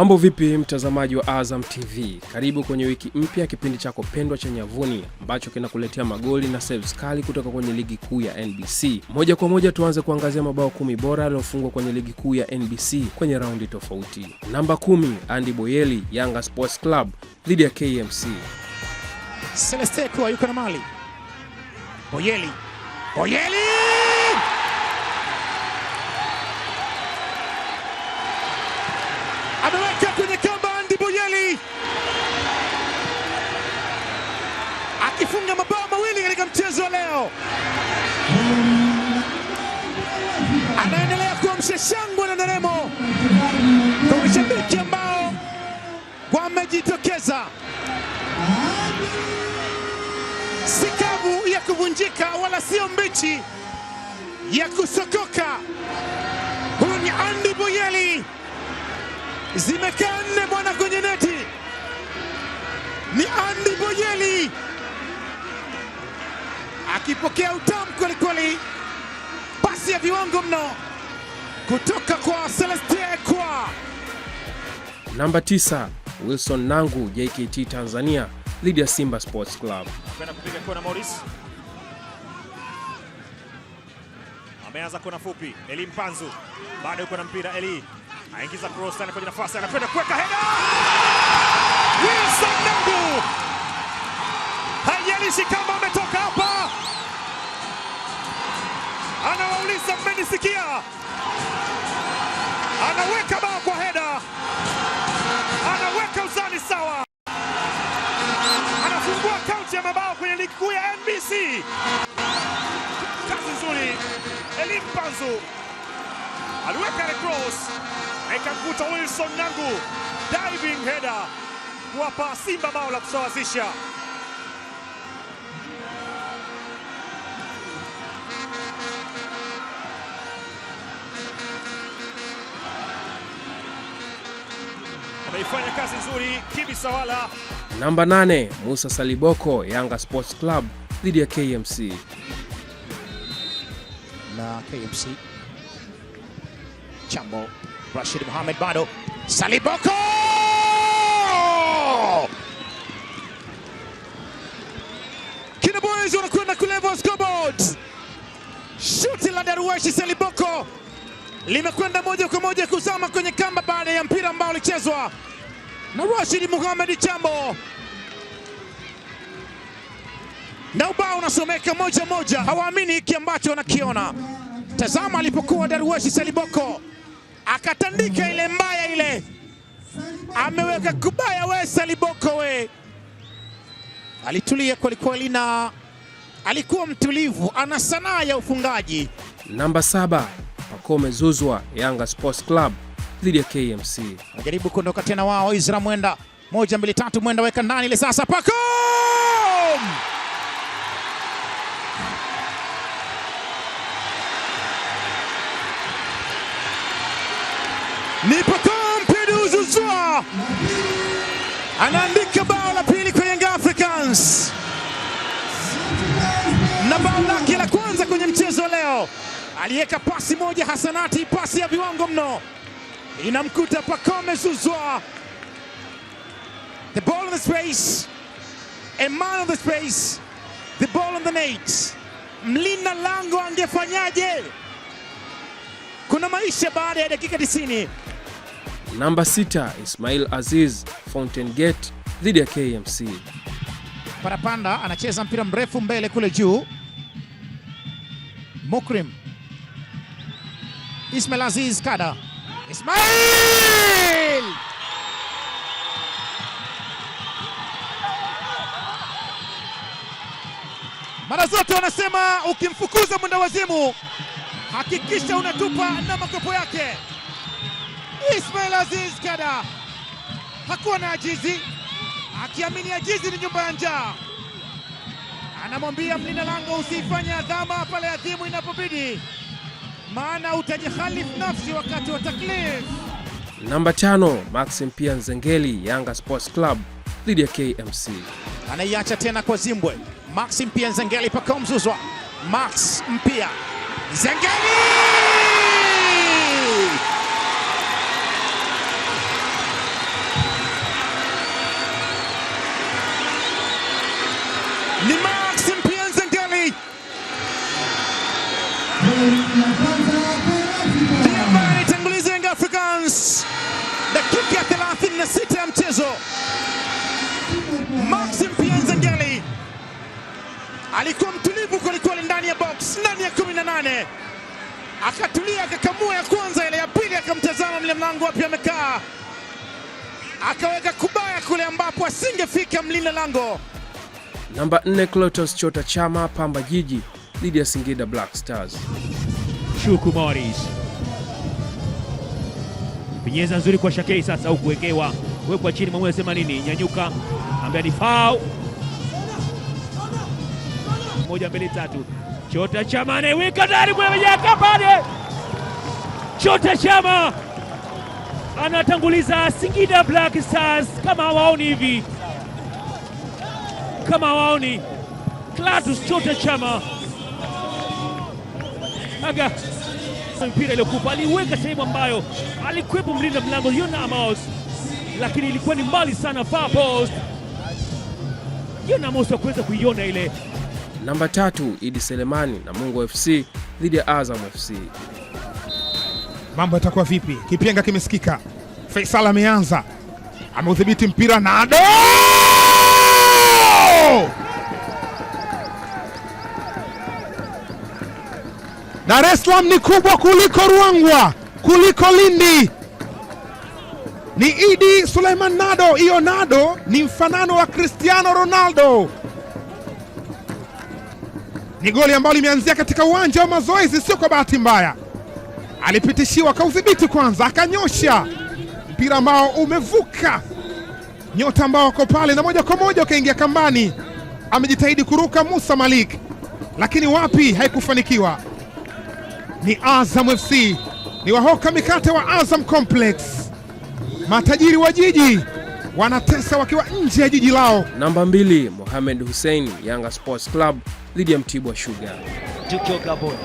Mambo vipi, mtazamaji wa Azam TV, karibu kwenye wiki mpya, kipindi chako pendwa cha Nyavuni ambacho kinakuletea magoli na saves kali kutoka kwenye ligi kuu ya NBC. Moja kwa moja tuanze kuangazia mabao kumi bora yaliyofungwa kwenye ligi kuu ya NBC kwenye raundi tofauti. Namba kumi, Andy Boyeli, Yanga Sports Club dhidi ya KMC. Celeste yuko na mali. Boyeli. Boyeli! anaendelea kuwa msheshangwe na nderemo kwa mashabiki ambao wamejitokeza. Si kavu ya kuvunjika wala sio mbichi ya kusokoka. Huyu ni Andy Boyeli, zimekaa nne bwana kwenye neti, ni Andy Boyeli akipokea utamu kwelikweli, pasi ya viwango mno kutoka kwa Celestia Ekwa. Namba 9 Wilson Nangu, JKT Tanzania dhidi ya Simba Sports Club. Anapenda kupiga kona Morris. Ameanza kona fupi, Eli Mpanzu bado yuko na mpira, Eli aingiza cross tena kwenye nafasi, anapenda kuweka heda, Wilson Nangu hayalishi kama ametoka hapo anawauliza mmenisikia? Anaweka bao kwa heda, anaweka uzani sawa, anafungua kaunti ya mabao kwenye ligi kuu ya NBC. Kazi nzuri, Elim Panzu aliweka ile cross na ikamkuta Wilson Nangu diving header kuwapa Simba bao la kusawazisha. amefanya kazi nzuri kibisawala. Namba 8 Musa Saliboko, Yanga Sports Club dhidi ya KMC na KMC Chambo Rashid Mohamed bado Saliboko kina boys wanakwenda kuleva scoreboard. Shuti la Daruweshi Saliboko limekwenda moja kwa moja kuzama kwenye kamba baada ya mpira ambao ulichezwa na Rashid Muhamed Chambo na ubao unasomeka moja moja. Hawaamini hiki ambacho wanakiona. Tazama alipokuwa Daruweshi Saliboko akatandika ile mbaya ile, ameweka kubaya. We Saliboko we, alitulia kwelikweli na alikuwa mtulivu, ana sanaa ya ufungaji. Namba saba Pacome Zouzoua, Yanga Sports Club dhidi ya KMC. Anajaribu kuondoka tena wao Izra Mwenda, moja mbili tatu, Mwenda weka ndani ile sasa, pako ni Pacome Zouzoua anaandika bao la pili kwa Young Africans na bao lake la kwanza kwenye mchezo leo. Aliweka pasi moja hasanati, pasi ya viwango mno inamkuta Pacome Zouzoua. The ball in the space, a man of the space, the ball on the net. Mlinda lango angefanyaje? Kuna maisha baada ya dakika 90. Namba 6 Ismail Aziz Fountain Gate dhidi ya KMC. Parapanda anacheza mpira mrefu mbele kule juu. Mukrim Ismail Aziz Kada ¡Ismael! mara zote wanasema ukimfukuza mwenda wazimu hakikisha unatupa na makopo yake. Ismail Aziz Kada hakuwa na ajizi, akiamini ajizi ni nyumba ya njaa. Anamwambia mlinda lango usifanye adhama pale adhimu inapobidi maana utajihalifu nafsi wakati wa taklif. Namba tano, Maxim pia Nzengeli, Yanga Sports Club dhidi ya KMC. Anaiacha tena kwa Zimbwe. Maxim pia Nzengeli, pakaomzuzwa Max Mpia Nzengeli Africans dakika ya 36 ya mchezo. alikuwa mtulivu kwelikweli ndani ya box, ndani ya 18 akatulia, akakamua ya kwanza, ile ya pili akamtazama mlinda mlango wapi amekaa, akaweka kubaya kule ambapo asingefika mlinda lango. Namba 4 clotos Chota Chama Pamba Jiji dhidi ya Singida Black Stars. Shuku Morris penyeza nzuri kwa Shakei sasa, au kuwekewa wekwa chini, mwamuzi anasema nini? Nyanyuka Ambia ni foul. moja mbili tatu. Chota Chama anaiweka ndani kueejaka pale, Chota Chama anatanguliza Singida Black Stars. Kama hawaoni hivi, kama hawaoni Clatous Chota Chama aga mpira iliyokupa aliweka sehemu ambayo alikuwepo mlinda mlango Yona Amos, lakini ilikuwa ni mbali sana, far post. Yona Amos hakuweza kuiona ile. Namba tatu Idi Selemani na Mungu FC dhidi ya Azam FC. Mambo yatakuwa vipi? Kipenga kimesikika. Faisal ameanza, ameudhibiti mpira, na ado! Dar es Salaam ni kubwa kuliko Ruangwa, kuliko Lindi. Ni Idi Suleiman Nado. Hiyo Nado ni mfanano wa Cristiano Ronaldo. Ni goli ambalo limeanzia katika uwanja wa mazoezi, sio kwa bahati mbaya. Alipitishiwa, udhibiti kwanza, akanyosha mpira ambao umevuka nyota ambao wako pale, na moja kwa moja ukaingia kambani. Amejitahidi kuruka Musa Malik, lakini wapi, haikufanikiwa ni Azam FC, ni wahoka mikate wa Azam Complex. Matajiri wa jiji wanatesa wakiwa nje ya jiji lao. Namba mbili, Mohamed Hussein, Yanga Sports Club dhidi ya Mtibwa Sugar. Tukio Gabon.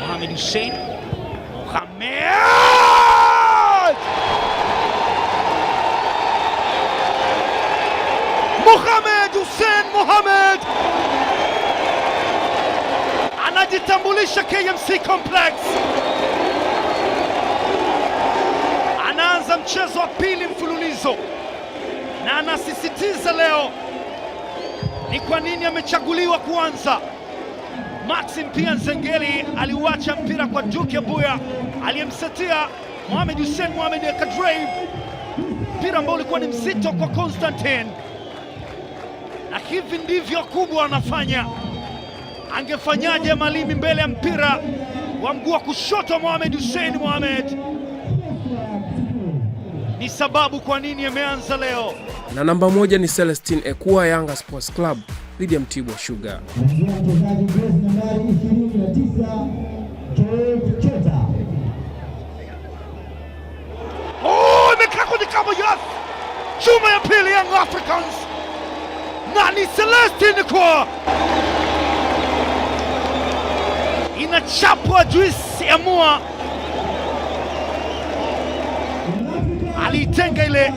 Mohamed Hussein. Mohamed! Mohamed Hussein Mohamed! anajitambulisha KMC Complex, anaanza mchezo wa pili mfululizo, na anasisitiza leo ni kwa nini amechaguliwa kuanza. Maxim pia Nzengeli aliuacha mpira kwa Duke Buya aliyemsetia Mohamed Hussein Mohamed Kadreib, mpira ambao ulikuwa ni mzito kwa Constantine, na hivi ndivyo kubwa anafanya Angefanyaje Malimi mbele ya mpira wa mguu wa kushoto Mohamed Hussein Mohamed? Ni sababu kwa nini ameanza leo. Na namba moja ni Celestine Ekua, Yanga Sports Club dhidi ya Mtibwa Sugar. Oh, imekaa kwenye kamba ya chuma ya pili Young Africans na ni Celestine Ekua inachapwa Joyce ya Mua aliitenga ile.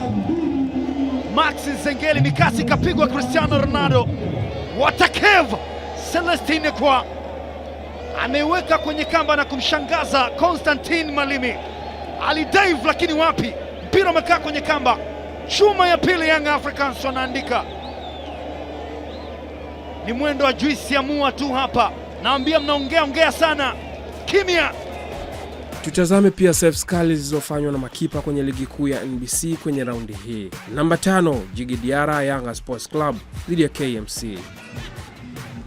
Max Nzengeli mikasi ikapigwa Cristiano Ronaldo, watakeva Celestine kwa ameweka kwenye kamba na kumshangaza constantine Malimi. Alidive lakini wapi, mpira umekaa kwenye kamba. Chuma ya pili Young Africans wanaandika, ni mwendo wa juisi ya Mua tu hapa naambia mnaongea ongea sana, kimya. Tutazame pia safe kali zilizofanywa na makipa kwenye ligi kuu ya NBC kwenye raundi hii. Namba tano, Jigi Diara Yanga Sports Club dhidi ya KMC.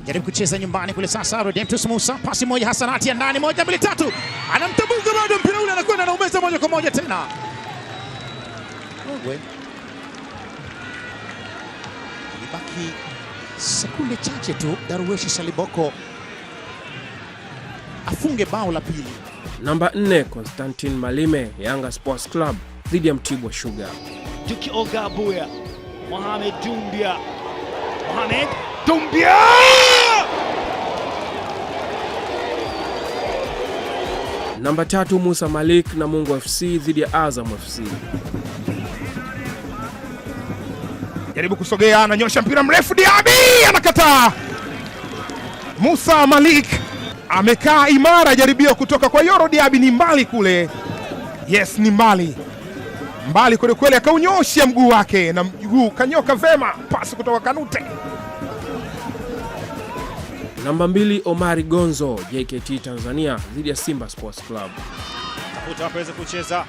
Jaribu kucheza nyumbani kule sasa, Redemptus Musa, pasi moja, hasanati ya ndani, moja mbili tatu, anamtabuza bado mpira ule, anakwenda anaumeza moja kwa moja tena Ogwe. Ibaki sekunde chache tu, Daruweshi Saliboko afunge bao la pili. Namba 4 Konstantin Malime, Yanga Sports Club dhidi ya Mtibwa Sugar. Duki Ogabuya, Mohamed Dumbia, Mohamed Dumbia Namba tatu Musa Malik na Mungu FC dhidi ya Azam FC. Jaribu kusogea, ananyosha mpira mrefu, Diaby anakataa. Musa Malik amekaa imara, jaribio kutoka kwa Yoro Diaby ni mbali kule. Yes, ni mbali mbali kweli, akaunyosha mguu wake na mguu kanyoka vema. Pasi kutoka Kanute. Namba mbili Omari Gonzo, JKT Tanzania dhidi ya Simba Sports Club. Tafuta hapa kucheza,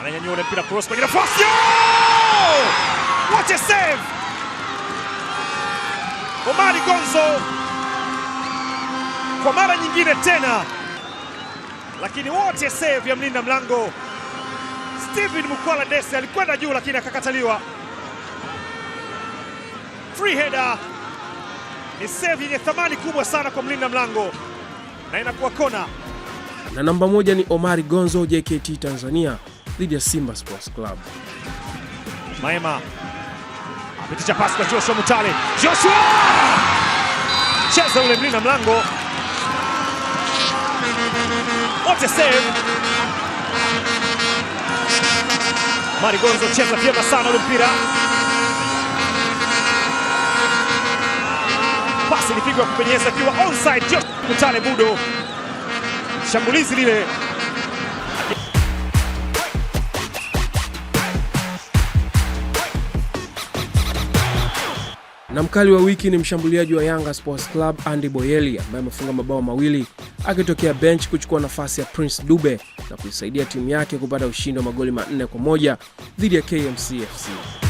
ananyanyua ule mpira cross kwenye nafasi. What a save! Omari Gonzo kwa mara nyingine tena, lakini wote save ya mlinda mlango Steven Mukwala Dese alikwenda juu lakini akakataliwa. Free header ni save yenye thamani kubwa sana kwa mlinda mlango na inakuwa kona. Na namba moja ni Omari Gonzo, JKT Tanzania dhidi ya Simba Sports Club. Maema apitisha pasi kwa Joshua Mutale. Joshua cheza ule mlinda mlango What a save! Marigonzo cheza vyema sana ule mpira. Pasi ilipigwa kupenyeza akiwa onside. Just kutane Budo. Shambulizi lile na mkali wa wiki ni mshambuliaji wa Yanga Sports Club Andy Boyeli ambaye amefunga mabao mawili akitokea bench kuchukua nafasi ya Prince Dube na kuisaidia timu yake kupata ushindi wa magoli manne kwa moja dhidi ya KMC FC.